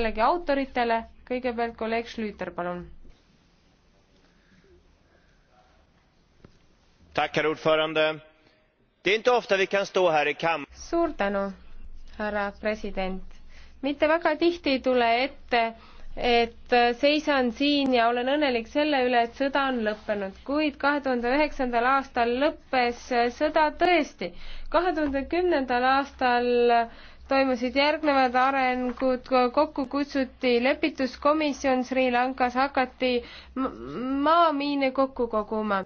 jällegi autoritele, kõigepealt kolleeg Schlüter, palun. suur tänu, härra president. mitte väga tihti ei tule ette, et seisan siin ja olen õnnelik selle üle, et sõda on lõppenud, kuid kahe tuhande üheksandal aastal lõppes sõda tõesti. kahe tuhande kümnendal aastal toimusid järgnevad arengud, kokku kutsuti lepituskomisjon Sri Lankas, hakati maamiine kokku koguma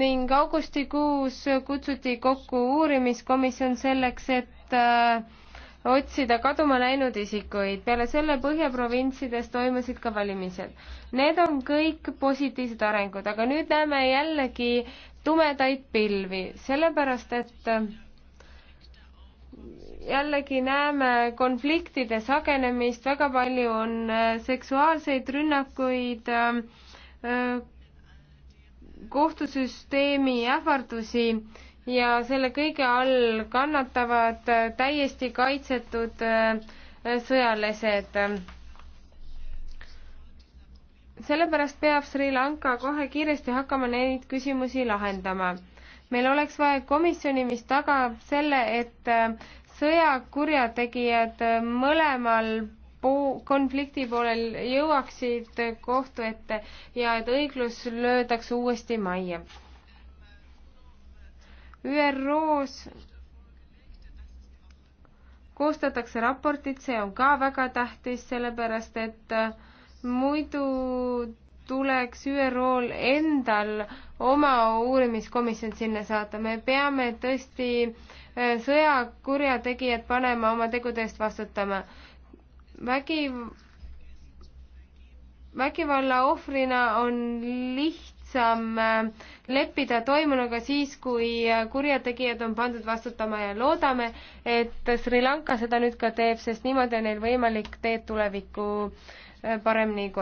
ning augustikuus kutsuti kokku uurimiskomisjon selleks, et äh, otsida kaduma läinud isikuid. peale selle põhjaprovintsides toimusid ka valimised. Need on kõik positiivsed arengud, aga nüüd näeme jällegi tumedaid pilvi, sellepärast et äh, jällegi näeme konfliktide sagenemist, väga palju on äh, seksuaalseid rünnakuid, äh, kohtusüsteemi ähvardusi ja selle kõige all kannatavad äh, täiesti kaitsetud sõjalased. sellepärast peab Sri Lanka kohe kiiresti hakkama neid küsimusi lahendama meil oleks vaja komisjoni, mis tagab selle, et äh, sõjakurjategijad äh, mõlemal poo-, konflikti poolel jõuaksid kohtu ette ja et õiglus löödaks uuesti majja. ÜRO-s koostatakse raportid, see on ka väga tähtis, sellepärast et äh, muidu tuleks ÜRO-l endal oma uurimiskomisjon sinna saata, me peame tõesti äh, sõjakurjategijad panema oma tegude eest vastutama. vägi, vägivalla ohvrina on lihtsam äh, leppida toimunuga siis, kui äh, kurjategijad on pandud vastutama ja loodame, et Sri Lanka seda nüüd ka teeb, sest niimoodi on neil võimalik teed tulevikku paremini korraldada.